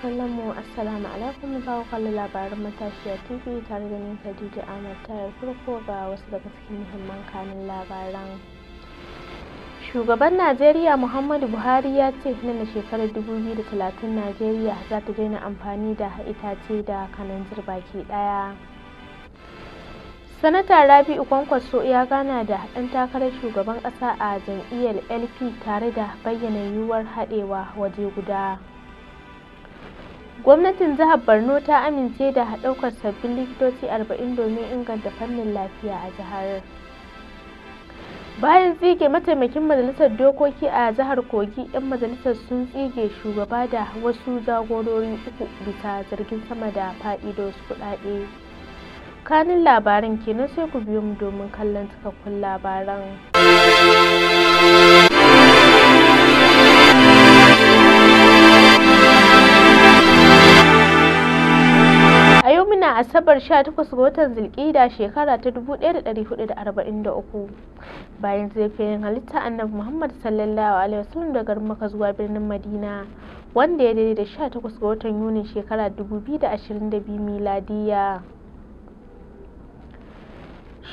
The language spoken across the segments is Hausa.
masu kallon mu assalamu alaikum za ku kalli labarin matashiya tv tare da ni khadija ahmad tayar farko ga wasu daga cikin muhimman kanin labaran shugaban najeriya muhammadu buhari ya ce nan da shekarar 2030 najeriya za ta daina amfani da itace da kananzir baki daya sanata rabi'u kwankwaso ya gana da ɗan takarar shugaban ƙasa a jam'iyyar lp tare da bayyana yiwuwar haɗewa waje guda Gwamnatin Jihar Borno ta amince da haɗaukar sabbin likitoci 40 domin inganta fannin lafiya a jihar. Bayan tsige mataimakin majalisar dokoki a jihar Kogi, 'yan majalisar sun tsige shugaba da wasu jagorori uku bisa zargin sama da faɗi da wasu kuɗaɗe. Kanin labaran kenan sai ku biyo mu domin kallon cikakkun labaran. Asabar 18 ga watan zilkida shekara ta 1443 bayan zaifayin halitta Annabi Muhammad sallallahu alaihi wasallam daga Makka zuwa birnin Madina wanda ya daidai da 18 ga watan Yuni shekara 2022 miladiya.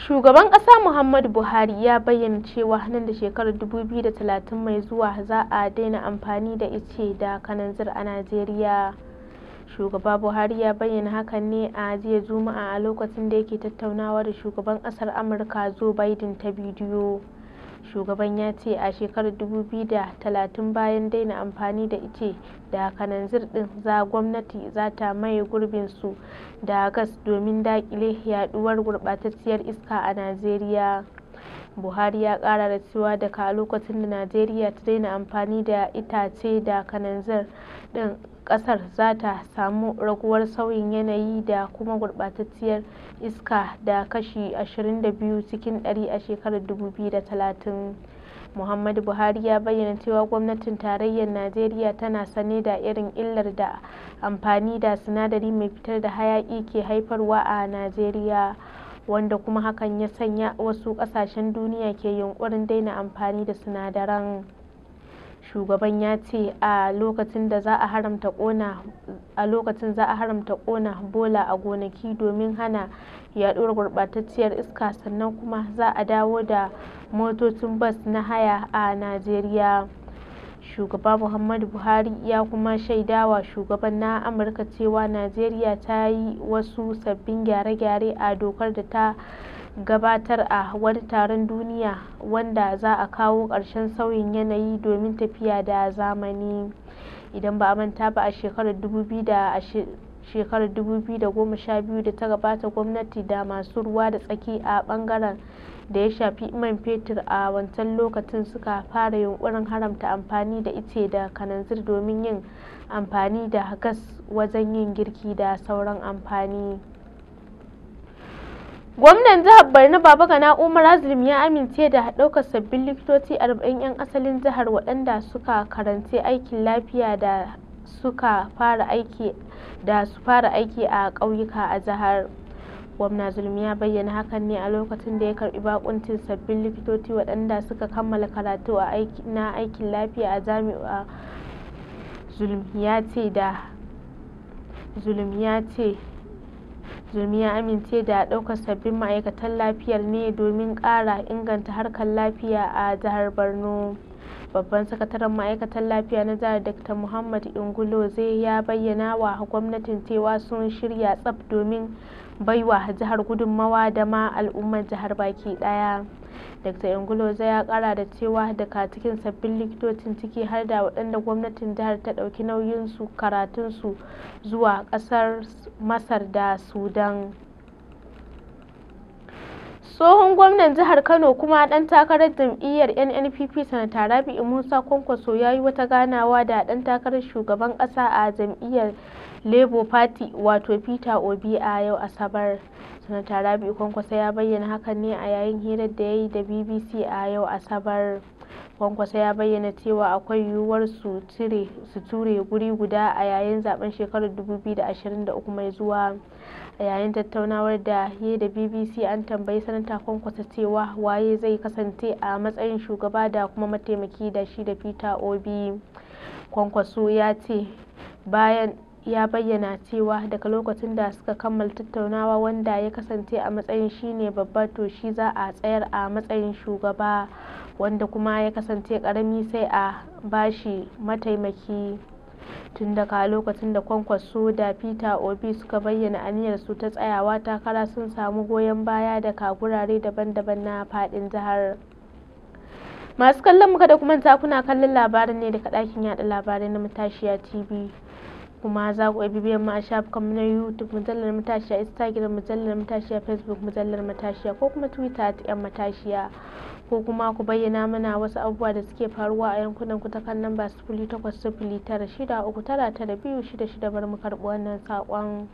Shugaban ƙasa Muhammadu Buhari ya bayyana cewa nan da shekarar 2030 mai zuwa za a daina amfani da ice da kananzir a Najeriya. Shugaba Buhari ya bayyana hakan ne a jiya Juma'a a lokacin da yake tattaunawa da shugaban ƙasar Amurka zo Biden ta bidiyo. Shugaban ya ce a shekarar talatin bayan daina amfani da ice da kananzir ɗin za gwamnati za ta maye gurbinsu da gas domin daƙile yaɗuwar gurɓatacciyar iska a Najeriya. Buhari ya ƙara da cewa daga lokacin da Najeriya ta daina amfani da itace da kananzir ɗin ƙasar za ta samu raguwar sauyin yanayi da kuma gurɓatacciyar iska da kashi 22 cikin ɗari a shekarar 2030. Muhammadu Buhari ya bayyana cewa gwamnatin tarayyar Najeriya tana sane da irin illar da amfani da sinadari mai fitar da hayaƙi ke haifarwa a Najeriya. wanda kuma hakan ya sanya wasu kasashen duniya ke yunkurin daina amfani da sinadaran shugaban ya ce a lokacin da za a haramta kona bola a gonaki domin hana yaɗuwar gurɓatacciyar iska sannan kuma za a dawo da motocin bas na haya a najeriya Shugaba Muhammadu Buhari ya kuma shaidawa shugaban na Amurka cewa Najeriya ta yi wasu sabbin gyare-gyare a dokar da ta gabatar a wani taron duniya wanda za a kawo ƙarshen sauyin yanayi domin tafiya da zamani. Idan ba a manta ba a shekarar 2020. shekarar 2012 da ta gabata gwamnati da masu ruwa da tsaki a bangaren da ya shafi iman fetur a wancan lokacin suka fara yunkurin haramta amfani da ice da kananzir domin yin amfani da gas wajen yin girki da sauran amfani. Gwamnan jihar Borno Babagana Umar Azlim ya amince da ɗaukar sabbin likitoci 40 'yan asalin jihar waɗanda suka karanci aikin lafiya da suka fara aiki da su fara aiki a ƙauyuka a jihar gwamna zulmi ya bayyana hakan ne a lokacin da ya karbi bakuncin sabbin likitoci waɗanda suka kammala karatu na aikin lafiya a jami'a zulmi ya ce da zulmi ya ce zulmi ya amince da ɗaukar sabbin ma'aikatan lafiyar ne domin ƙara inganta harkar lafiya a jihar borno babban sakataren ma'aikatar lafiya na jihar dr muhammad zai ya bayyana wa gwamnatin cewa sun shirya tsab domin baiwa jihar gudunmawa da ma al'ummar jihar baki daya dr zai ya kara da cewa daga cikin sabbin likitocin ciki har da waɗanda gwamnatin jihar ta ɗauki nauyinsu su zuwa ƙasar masar da sudan tsohon gwamnan jihar kano kuma ɗan takarar jam'iyyar nnpp sanata rabi'u musa kwankwaso ya yi wata ganawa da ɗan takarar shugaban ƙasa a jam'iyyar labour party wato peter obi a yau asabar sanata rabi'u kwankwaso ya bayyana hakan ne a yayin hirar da ya yi da bbc a yau asabar kwankwaso ya bayyana cewa akwai yiwuwar su ture guri guda a yayin zaben shekarar 2023 mai zuwa a yayin tattaunawar da ya da bbc an tambayi sanata kwankwasa cewa waye zai kasance a matsayin shugaba da kuma mataimaki da shi da peter obi kwankwaso ya ce bayan ya bayyana cewa daga lokacin da suka kammala tattaunawa wanda ya kasance a matsayin shine babba to shi za a tsayar a matsayin shugaba wanda kuma ya kasance karami sai a bashi mataimaki tun daga lokacin da kwankwas da peter obi suka bayyana aniyarsu ta tsayawa takara sun samu goyon baya daga gurare daban-daban na fadin jihar masu kallon muka da kuma kuna kallon labarin ne daga ɗakin yada labarai na matashiya tv kuma za ku iya bibiyan mu a shafukan mu na YouTube mujallar matashiya Instagram mujallar matashiya Facebook mujallar matashiya ko kuma Twitter at yan matashiya ko kuma ku bayyana mana wasu abubuwa da suke faruwa a yankunan ku ta kan lamba sifili takwas sifili tara shida uku tara tara biyu shida shida bar mu karɓi wannan saƙon.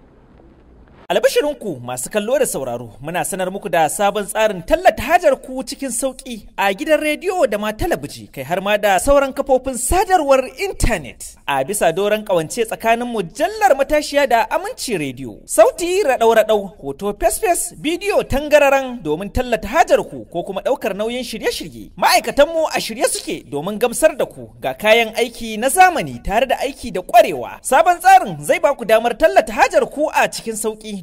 Albashirinku masu kallo da sauraro muna sanar muku da sabon tsarin tallata hajar ku cikin sauki a gidan rediyo da ma talabiji kai har ma da sauran kafofin sadarwar intanet a bisa doron kawance tsakanin mujallar matashiya da aminci rediyo. Sauti raɗau-raɗau hoto fesfes bidiyo tangararan domin tallata hajar ku ko kuma ɗaukar nauyin shirye-shirye. ma'aikatan mu a shirye suke domin gamsar da ku ga kayan aiki na zamani tare da aiki da ƙwarewa. Sabon tsarin zai baku damar tallata hajar ku a cikin sauki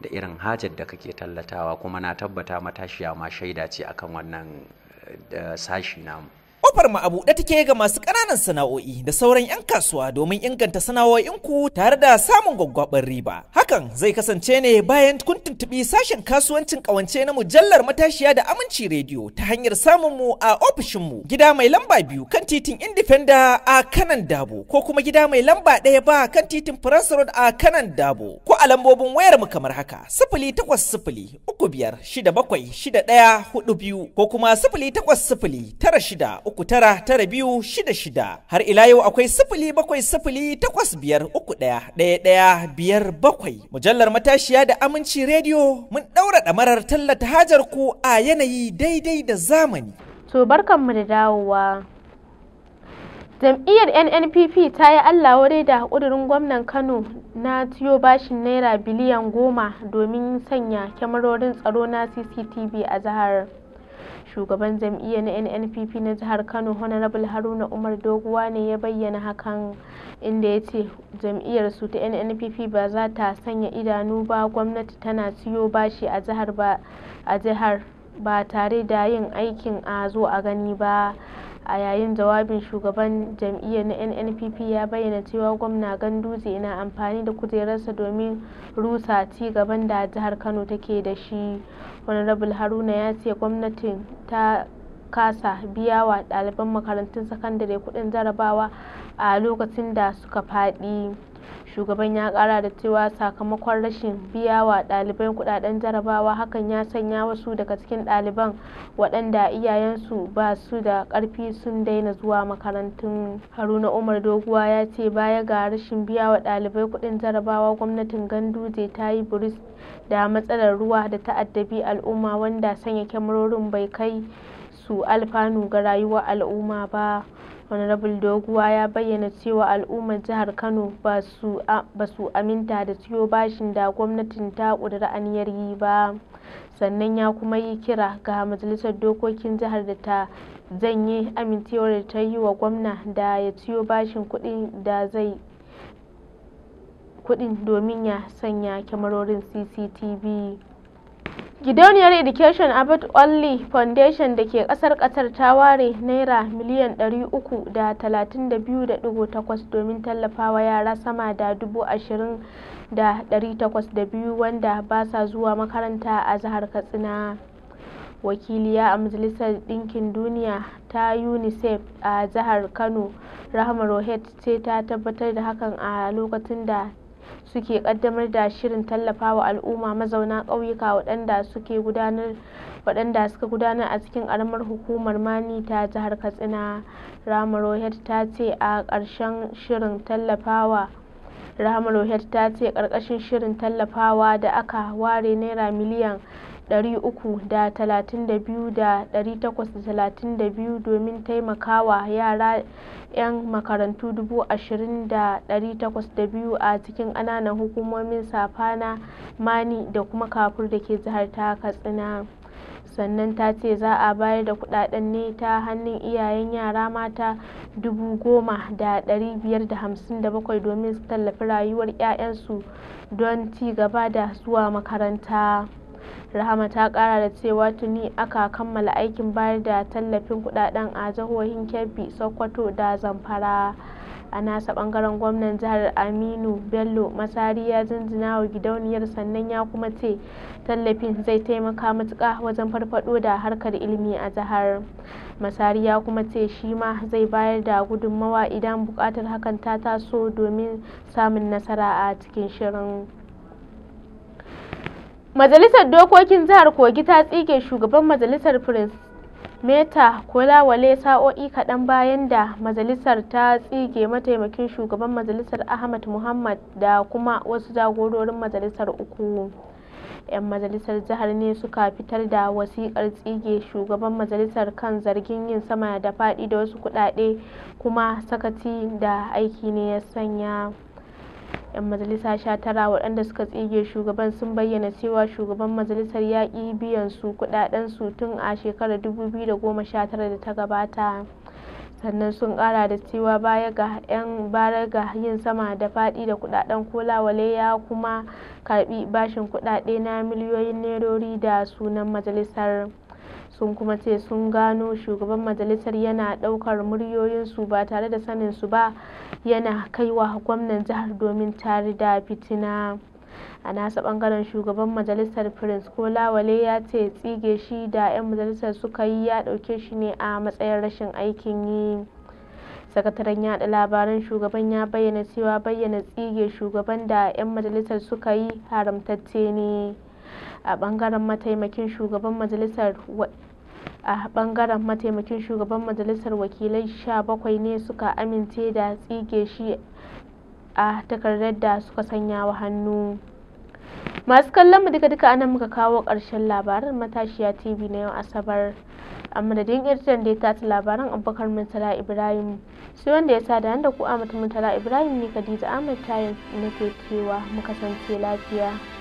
da irin hajar da kake tallatawa kuma na tabbata matashiya ma shaida ce akan wannan eh, sashi namu kofar ma'abu a buɗe take ga masu ƙananan sana'o'i da sauran 'yan kasuwa domin inganta sana'o'inku tare da samun gwaggwabar riba Hakan zai kasance ne bayan kun tuntubi sashen kasuwancin kawance na mujallar matashiya da aminci rediyo ta hanyar samun mu a ofishinmu gida mai lamba biyu kan titin Indifenda a kanan dabo ko kuma gida mai lamba ɗaya ba kan titin France Road a kanan dabo ko a lambobin wayarmu kamar haka sifili takwas sifili uku biyar shida bakwai shida ɗaya hudu biyu ko kuma sifili takwas sifili tara shida uku tara tara biyu shida shida har ila yau akwai sifili bakwai sifili takwas biyar uku ɗaya ɗaya ɗaya biyar bakwai Mujallar matashiya da aminci rediyo mun ɗaura ɗamarar tallata hajar ku a yanayi daidai da zamani. To barkanmu da dawowa. Jam'iyyar NNPP ta yi Allah wuri da ƙudurin gwamnan Kano na tiyo bashin naira biliyan goma domin sanya kyamarorin tsaro na CCTV a jihar. shugaban jam'iyyar nnpp na jihar kano honorable haruna umar doguwa ne ya bayyana hakan inda ya ce jam'iyyarsu ta nnpp ba za ta sanya idanu ba gwamnati tana siyo bashi a jihar ba tare da yin aikin a zo a gani ba a yayin jawabin shugaban jam'iyyar na nnpp ya bayyana cewa gwamna ganduje na amfani da kujerarsa domin rusa ci gaban da jihar kano take da shi honorable haruna ya ce gwamnatin ta kasa biya wa ɗaliban makarantun sakandare kuɗin jarabawa a lokacin da suka faɗi shugaban ya ƙara da cewa sakamakon rashin biya wa ɗalibai kuɗaɗen jarabawa hakan ya sanya wasu daga cikin ɗaliban waɗanda iyayensu ba su da ƙarfi sun daina zuwa makarantun haruna umar doguwa ya ce baya ga rashin biya wa ɗalibai kuɗin jarabawa gwamnatin ganduje ta yi buris da matsalar ruwa da ta'addabi al'umma wanda sanya kyamarorin bai kai su alfanu ga rayuwar al'umma ba honorable doguwa ya bayyana cewa al'ummar jihar kano ba su aminta da ciyo bashin da gwamnatin ta ƙudiri aniyar yi ba sannan ya kuma yi kira ga majalisar dokokin jihar da ta janye amintewar da ta yi wa gwamna da ya ciyo bashin kuɗin da zai kuɗin domin ya sanya kyamarorin cctv Gidauniyar Education abbott Wally Foundation da ke ƙasar Qatar ta ware Naira miliyan 332.8 domin tallafawa yara sama da 20,802 wanda ba sa zuwa makaranta a zahar Katsina. Wakiliya a Majalisar dinkin Duniya ta UNICEF a jihar Kano, Rahma Rohit ce ta tabbatar da hakan a lokacin da suke kaddamar da shirin tallafawa al'umma mazauna ƙauyuka waɗanda suke gudanar waɗanda suka gudanar a cikin ƙaramar hukumar Mani ta jihar Katsina. Rahama Rohit ta ce a ƙarshen shirin tallafawa Rahama ta ce ƙarƙashin shirin tallafawa da aka ware naira miliyan 332 da 832 domin taimakawa yara 'yan makarantu 20,802 a cikin ƙananan hukumomin safana mani da kuma kafur da ke jihar ta Katsina. Sannan ta ce za a bayar da kuɗaɗen ne ta hannun iyayen yara mata bakwai domin su tallafi rayuwar 'ya'yansu don ci gaba da zuwa makaranta. Rahama ta kara da cewa tuni aka kammala aikin bayar da tallafin kudaden a jihohin Kebbi, Sokoto da Zamfara. A nasa bangaren gwamnan jihar Aminu Bello Masari ya jinjina wa gidauniyar sannan ya kuma ce tallafin zai taimaka matuka wajen farfado da harkar ilimi a jihar. Masari ya kuma ce shi ma zai bayar da gudunmawa idan buƙatar hakan ta taso domin samun nasara a cikin shirin. Majalisar Dokokin Jihar Kogi ta tsige shugaban majalisar Prince Meta Kolawole sa'o'i kaɗan bayan da majalisar ta tsige mataimakin shugaban majalisar Ahmad Muhammad da kuma wasu jagororin majalisar uku. 'Yan majalisar jihar ne suka fitar da wasiƙar tsige shugaban majalisar kan zargin yin sama da faɗi da wasu kuɗaɗe kuma sakaci da aiki ne ya sanya. 'yan majalisa sha tara waɗanda suka tsige shugaban sun bayyana cewa shugaban majalisar ya ƙi biyan su kuɗaɗen su tun a shekarar 2019 da ta gabata sannan sun ƙara da cewa baya ga 'yan bara ga yin sama da faɗi da kuɗaɗen kolawale ya kuma karɓi bashin kuɗaɗe na miliyoyin nerori da sunan majalisar sun kuma ce sun gano shugaban majalisar yana ɗaukar muryoyinsu ba tare da saninsu ba yana kaiwa gwamnan jihar domin tare da fitina a nasa bangaren shugaban majalisar prince kola wale ya ce tsige shi da 'yan majalisar suka yi ya ɗauke shi ne a matsayin rashin aikin yi sakataren yada labaran shugaban ya bayyana cewa bayyana tsige shugaban da 'yan majalisar suka yi haramtacce ne a bangaren mataimakin shugaban majalisar a bangaren mataimakin shugaban majalisar wakilai 17 ne suka amince da tsige shi a takardar da suka sanya wa hannu masu kallon mu duka-duka anan muka kawo ƙarshen labaran matashiya tv na yau asabar a madadin editan da ya tata labaran abubakar murtala ibrahim sai wanda ya sada da ku amata murtala ibrahim ne khadija ahmad tayin nake cewa muka lafiya